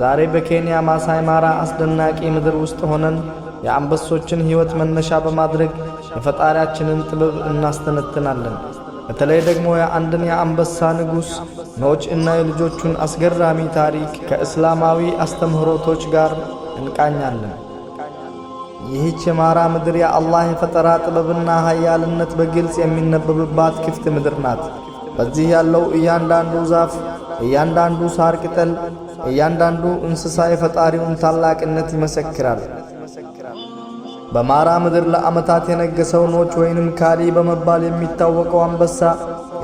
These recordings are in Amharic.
ዛሬ በኬንያ ማሳይ ማራ አስደናቂ ምድር ውስጥ ሆነን የአንበሶችን ሕይወት መነሻ በማድረግ የፈጣሪያችንን ጥበብ እናስተነትናለን። በተለይ ደግሞ የአንድን የአንበሳ ንጉሥ ኖች እና የልጆቹን አስገራሚ ታሪክ ከእስላማዊ አስተምህሮቶች ጋር እንቃኛለን። ይህች የማራ ምድር የአላህ የፈጠራ ጥበብና ኃያልነት በግልጽ የሚነበብባት ክፍት ምድር ናት። በዚህ ያለው እያንዳንዱ ዛፍ፣ እያንዳንዱ ሳር ቅጠል እያንዳንዱ እንስሳ የፈጣሪውን ታላቅነት ይመሰክራል። በማራ ምድር ለዓመታት የነገሰው ኖች ወይንም ካሊ በመባል የሚታወቀው አንበሳ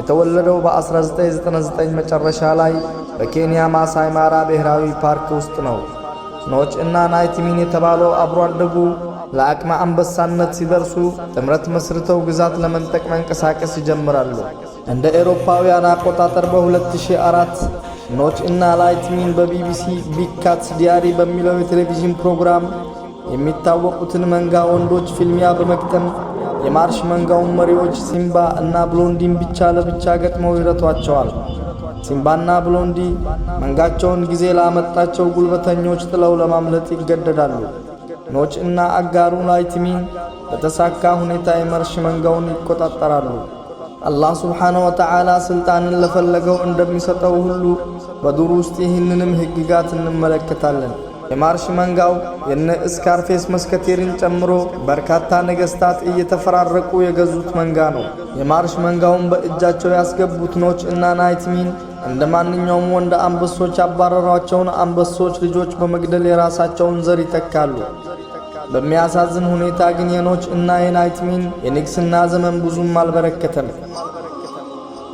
የተወለደው በ1999 መጨረሻ ላይ በኬንያ ማሳይ ማራ ብሔራዊ ፓርክ ውስጥ ነው። ኖች እና ናይትሚን የተባለው አብሮ አደጉ ለአቅመ አንበሳነት ሲደርሱ ጥምረት መስርተው ግዛት ለመንጠቅ መንቀሳቀስ ይጀምራሉ። እንደ ኤሮፓውያን አቆጣጠር በ2004 ኖች እና ላይት ሚን በቢቢሲ ቢግ ካትስ ዲያሪ በሚለው የቴሌቪዥን ፕሮግራም የሚታወቁትን መንጋ ወንዶች ፊልሚያ በመግጠም የማርሽ መንጋውን መሪዎች ሲምባ እና ብሎንዲን ብቻ ለብቻ ገጥመው ይረቷቸዋል። ሲምባና ብሎንዲ መንጋቸውን ጊዜ ላመጣቸው ጉልበተኞች ጥለው ለማምለጥ ይገደዳሉ። ኖች እና አጋሩ ላይትሚን በተሳካ ሁኔታ የማርሽ መንጋውን ይቆጣጠራሉ። አላህ ስብሓነሁ ወተዓላ ሥልጣንን ለፈለገው እንደሚሰጠው ሁሉ በዱር ውስጥ ይህንንም ህግጋት እንመለከታለን። የማርሽ መንጋው የነ እስካርፌስ መስከቴርን ጨምሮ በርካታ ነገስታት እየተፈራረቁ የገዙት መንጋ ነው። የማርሽ መንጋውን በእጃቸው ያስገቡት ኖች እና ናይትሚን እንደ ማንኛውም ወንድ አንበሶች ያባረሯቸውን አንበሶች ልጆች በመግደል የራሳቸውን ዘር ይተካሉ። በሚያሳዝን ሁኔታ ግን የኖች እና የናይትሚን የንግስና ዘመን ብዙም አልበረከተም።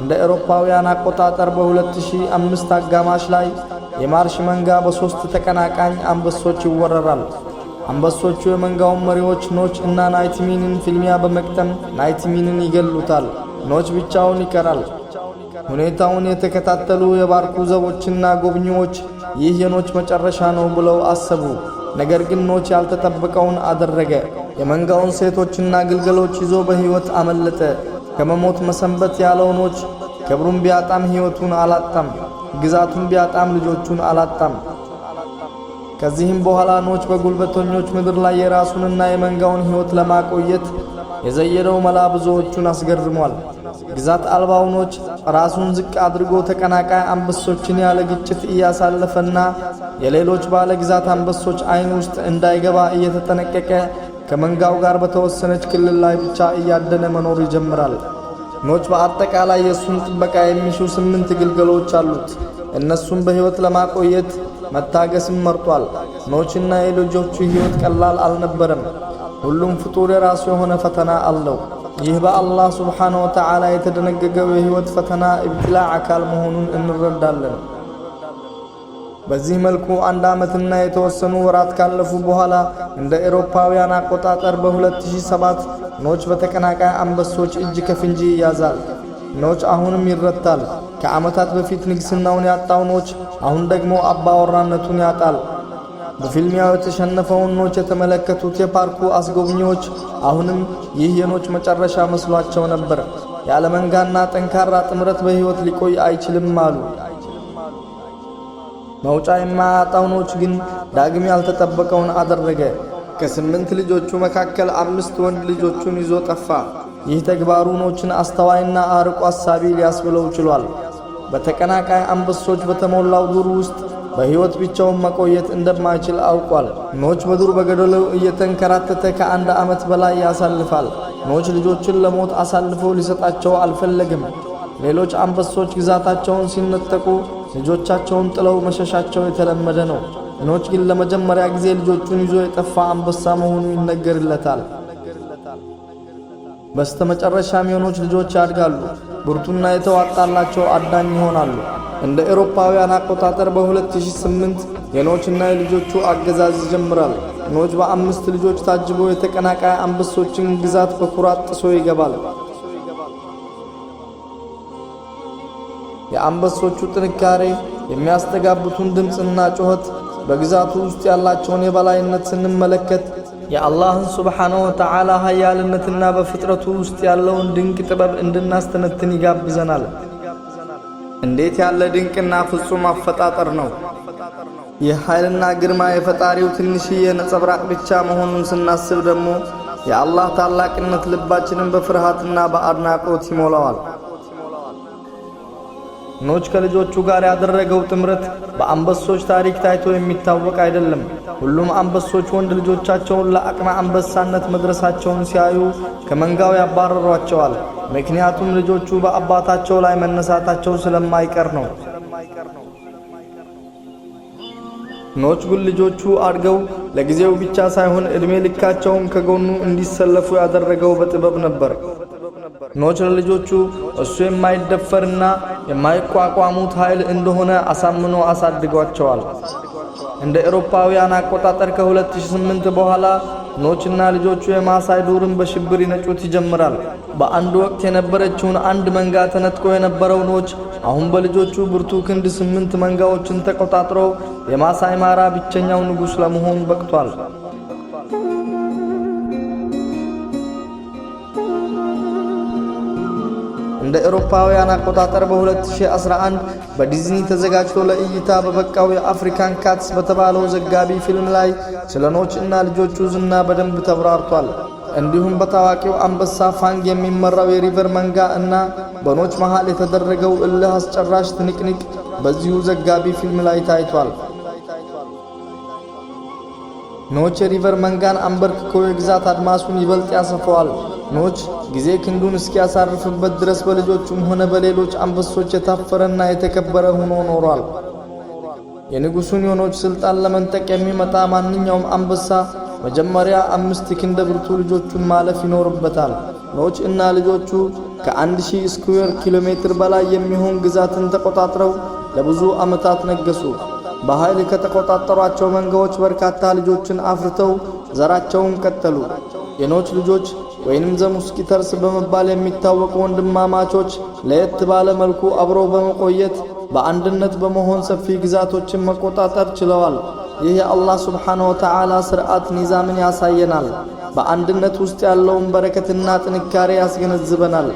እንደ አውሮፓውያን አቆጣጠር በ2005 አጋማሽ ላይ የማርሽ መንጋ በሦስት ተቀናቃኝ አንበሶች ይወረራል። አንበሶቹ የመንጋውን መሪዎች ኖች እና ናይትሚንን ፊልሚያ በመቅጠም ናይትሚንን ይገሉታል። ኖች ብቻውን ይቀራል። ሁኔታውን የተከታተሉ የባርኩ ዘቦችና ጎብኚዎች ይህ የኖች መጨረሻ ነው ብለው አሰቡ። ነገር ግን ኖች ያልተጠበቀውን አደረገ። የመንጋውን ሴቶችና ግልገሎች ይዞ በሕይወት አመለጠ። ከመሞት መሰንበት ያለው ኖች ክብሩን ቢያጣም ሕይወቱን አላጣም፣ ግዛቱን ቢያጣም ልጆቹን አላጣም። ከዚህም በኋላ ኖች በጉልበተኞች ምድር ላይ የራሱንና የመንጋውን ሕይወት ለማቆየት የዘየደው መላ ብዙዎቹን አስገርሟል። ግዛት አልባውኖች ራሱን ዝቅ አድርጎ ተቀናቃይ አንበሶችን ያለ ግጭት እያሳለፈና የሌሎች ባለ ግዛት አንበሶች ዓይን ውስጥ እንዳይገባ እየተጠነቀቀ ከመንጋው ጋር በተወሰነች ክልል ላይ ብቻ እያደነ መኖር ይጀምራል። ኖች በአጠቃላይ የእሱን ጥበቃ የሚሹ ስምንት ግልገሎች አሉት። እነሱም በሕይወት ለማቆየት መታገስም መርጧል። ኖችና የልጆቹ ሕይወት ቀላል አልነበረም። ሁሉም ፍጡር የራሱ የሆነ ፈተና አለው። ይህ በአላህ ስብሓነ ወተዓላ የተደነገገው የህይወት ፈተና እብትላ አካል መሆኑን እንረዳለን። በዚህ መልኩ አንድ ዓመትና የተወሰኑ ወራት ካለፉ በኋላ እንደ ኤሮፓውያን አቆጣጠር በ2007 ኖች በተቀናቃይ አንበሶች እጅ ከፍንጂ ይያዛል። ኖች አሁንም ይረታል። ከዓመታት በፊት ንግሥናውን ያጣው ኖች አሁን ደግሞ አባወራነቱን ያጣል። በፊልሚያው የተሸነፈውን ኖች የተመለከቱት የፓርኩ አስጎብኚዎች አሁንም ይህ የኖች መጨረሻ መስሏቸው ነበር። ያለመንጋና ጠንካራ ጥምረት በሕይወት ሊቆይ አይችልም አሉ። መውጫ የማያጣው ኖች ግን ዳግም ያልተጠበቀውን አደረገ። ከስምንት ልጆቹ መካከል አምስት ወንድ ልጆቹን ይዞ ጠፋ። ይህ ተግባሩ ኖችን አስተዋይና አርቆ አሳቢ ሊያስብለው ችሏል። በተቀናቃይ አንበሶች በተሞላው ዱር ውስጥ በሕይወት ብቻውን መቆየት እንደማይችል አውቋል። ኖች በዱር በገደሉ እየተንከራተተ ከአንድ ዓመት በላይ ያሳልፋል። ኖች ልጆችን ለሞት አሳልፎ ሊሰጣቸው አልፈለግም። ሌሎች አንበሶች ግዛታቸውን ሲነጠቁ ልጆቻቸውን ጥለው መሸሻቸው የተለመደ ነው። ኖች ግን ለመጀመሪያ ጊዜ ልጆቹን ይዞ የጠፋ አንበሳ መሆኑ ይነገርለታል። በስተመጨረሻ የኖች ልጆች ያድጋሉ፣ ብርቱና የተዋጣላቸው አዳኝ ይሆናሉ። እንደ ኤሮፓውያን አቆጣጠር በ2008 የኖችና የልጆቹ አገዛዝ ይጀምራል። ኖች በአምስት ልጆች ታጅቦ የተቀናቃይ አንበሶችን ግዛት በኩራት ጥሶ ይገባል። የአንበሶቹ ጥንካሬ የሚያስተጋቡቱን ድምፅና ጩኸት በግዛቱ ውስጥ ያላቸውን የበላይነት ስንመለከት የአላህን ሱብሓነሁ ወተዓላ ሀያልነትና በፍጥረቱ ውስጥ ያለውን ድንቅ ጥበብ እንድናስተነትን ይጋብዘናል። እንዴት ያለ ድንቅና ፍጹም አፈጣጠር ነው! የኃይልና ግርማ የፈጣሪው ትንሽዬ ነጸብራቅ ብቻ መሆኑን ስናስብ ደግሞ የአላህ ታላቅነት ልባችንን በፍርሃትና በአድናቆት ይሞላዋል። ኖች ከልጆቹ ጋር ያደረገው ጥምረት በአንበሶች ታሪክ ታይቶ የሚታወቅ አይደለም። ሁሉም አንበሶች ወንድ ልጆቻቸውን ለአቅመ አንበሳነት መድረሳቸውን ሲያዩ ከመንጋው ያባረሯቸዋል። ምክንያቱም ልጆቹ በአባታቸው ላይ መነሳታቸው ስለማይቀር ነው። ኖች ግን ልጆቹ አድገው ለጊዜው ብቻ ሳይሆን ዕድሜ ልካቸውን ከጎኑ እንዲሰለፉ ያደረገው በጥበብ ነበር። ኖች ለልጆቹ እሱ የማይደፈርና የማይቋቋሙት ኃይል እንደሆነ አሳምኖ አሳድጓቸዋል። እንደ ኤሮፓውያን አቆጣጠር ከ2008 በኋላ ኖችና ልጆቹ የማሳይ ዱርን በሽብር ይነጩት ይጀምራል። በአንድ ወቅት የነበረችውን አንድ መንጋ ተነጥቆ የነበረው ኖች አሁን በልጆቹ ብርቱ ክንድ ስምንት መንጋዎችን ተቆጣጥሮ የማሳይ ማራ ብቸኛው ንጉሥ ለመሆን በቅቷል። እንደ ኤሮፓውያን አቆጣጠር በ2011 በዲዝኒ ተዘጋጅቶ ለእይታ በበቃው የአፍሪካን ካትስ በተባለው ዘጋቢ ፊልም ላይ ስለኖች እና ልጆቹ ዝና በደንብ ተብራርቷል። እንዲሁም በታዋቂው አንበሳ ፋንግ የሚመራው የሪቨር መንጋ እና በኖች መሃል የተደረገው እልህ አስጨራሽ ትንቅንቅ በዚሁ ዘጋቢ ፊልም ላይ ታይቷል። ኖች የሪቨር መንጋን አንበርክኮ የግዛት አድማሱን ይበልጥ ያሰፈዋል። ኖች ጊዜ ክንዱን እስኪያሳርፍበት ድረስ በልጆቹም ሆነ በሌሎች አንበሶች የታፈረና የተከበረ ሆኖ ኖሯል። የንጉሡን የኖች ሥልጣን ለመንጠቅ የሚመጣ ማንኛውም አንበሳ መጀመሪያ አምስት ክንደ ብርቱ ልጆቹን ማለፍ ይኖርበታል። ኖች እና ልጆቹ ከአንድ ሺህ ስኩዌር ኪሎ ሜትር በላይ የሚሆን ግዛትን ተቆጣጥረው ለብዙ ዓመታት ነገሱ። በኃይል ከተቆጣጠሯቸው መንጋዎች በርካታ ልጆችን አፍርተው ዘራቸውን ቀጠሉ። የኖች ልጆች ወይንም ዘሙስኪተርስ በመባል የሚታወቁ ወንድማማቾች ለየት ባለ መልኩ አብረው በመቆየት በአንድነት በመሆን ሰፊ ግዛቶችን መቆጣጠር ችለዋል። ይህ የአላህ ስብሓን ወተዓላ ስርዓት ኒዛምን ያሳየናል። በአንድነት ውስጥ ያለውን በረከትና ጥንካሬ ያስገነዝበናል።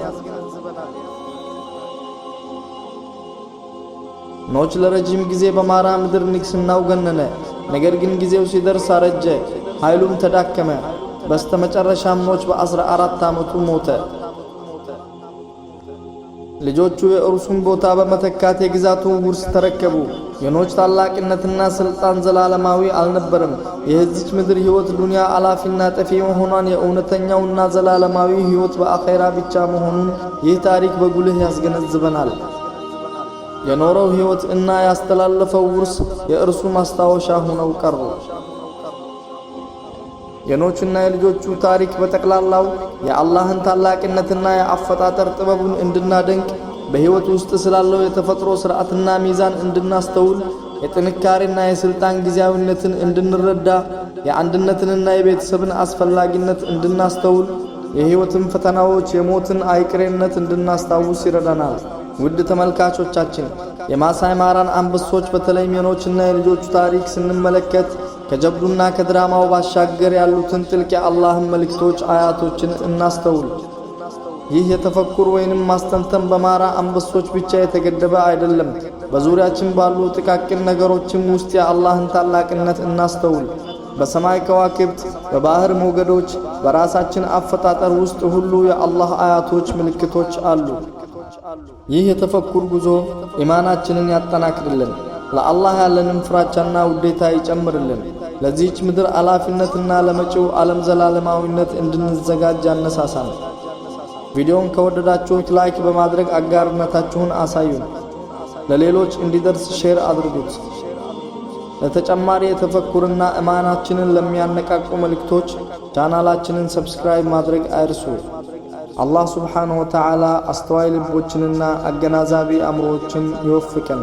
ኖች ለረጅም ጊዜ በማራ ምድር ንግስናው ገነነ። ነገር ግን ጊዜው ሲደርስ አረጀ፣ ኃይሉም ተዳከመ። በስተመጨረሻም ኖች በአስራ አራት ዓመቱ ሞተ። ልጆቹ የእርሱን ቦታ በመተካት የግዛቱ ውርስ ተረከቡ። የኖች ታላቅነትና ስልጣን ዘላለማዊ አልነበረም። የዚች ምድር ሕይወት ዱንያ አላፊና ጠፊ መሆኗን፣ የእውነተኛውና ዘላለማዊ ሕይወት በአኼራ ብቻ መሆኑን ይህ ታሪክ በጉልህ ያስገነዝበናል። የኖረው ሕይወት እና ያስተላለፈው ውርስ የእርሱ ማስታወሻ ሆነው ቀሩ። የኖችና የልጆቹ ታሪክ በጠቅላላው የአላህን ታላቅነትና የአፈጣጠር ጥበቡን እንድናደንቅ በሕይወት ውስጥ ስላለው የተፈጥሮ ሥርዓትና ሚዛን እንድናስተውል የጥንካሬና የሥልጣን ጊዜያዊነትን እንድንረዳ የአንድነትንና የቤተሰብን አስፈላጊነት እንድናስተውል የሕይወትን ፈተናዎች የሞትን አይቅሬነት እንድናስታውስ ይረዳናል። ውድ ተመልካቾቻችን የማሳይ ማራን አንበሶች በተለይ ሜኖችና የልጆቹ ታሪክ ስንመለከት ከጀብዱና ከድራማው ባሻገር ያሉትን ጥልቅ የአላህን መልእክቶች አያቶችን እናስተውል። ይህ የተፈኩር ወይንም ማስተንተን በማራ አንበሶች ብቻ የተገደበ አይደለም። በዙሪያችን ባሉ ጥቃቅን ነገሮችም ውስጥ የአላህን ታላቅነት እናስተውል። በሰማይ ከዋክብት፣ በባህር ሞገዶች፣ በራሳችን አፈጣጠር ውስጥ ሁሉ የአላህ አያቶች፣ ምልክቶች አሉ። ይህ የተፈኩር ጉዞ ኢማናችንን ያጠናክርልን። ለአላህ ያለንን ፍራቻና ውዴታ ይጨምርልን። ለዚህች ምድር አላፊነትና ለመጪው ዓለም ዘላለማዊነት እንድንዘጋጅ ያነሳሳል። ቪዲዮውን ከወደዳችሁት ላይክ በማድረግ አጋርነታችሁን አሳዩን። ለሌሎች እንዲደርስ ሼር አድርጉት። ለተጨማሪ የተፈኩርና እማናችንን ለሚያነቃቁ መልእክቶች ቻናላችንን ሰብስክራይብ ማድረግ አይርሱ። አላህ ሱብሓነሁ ወተዓላ አስተዋይ ልቦችንና አገናዛቢ አእምሮዎችን ይወፍቀን።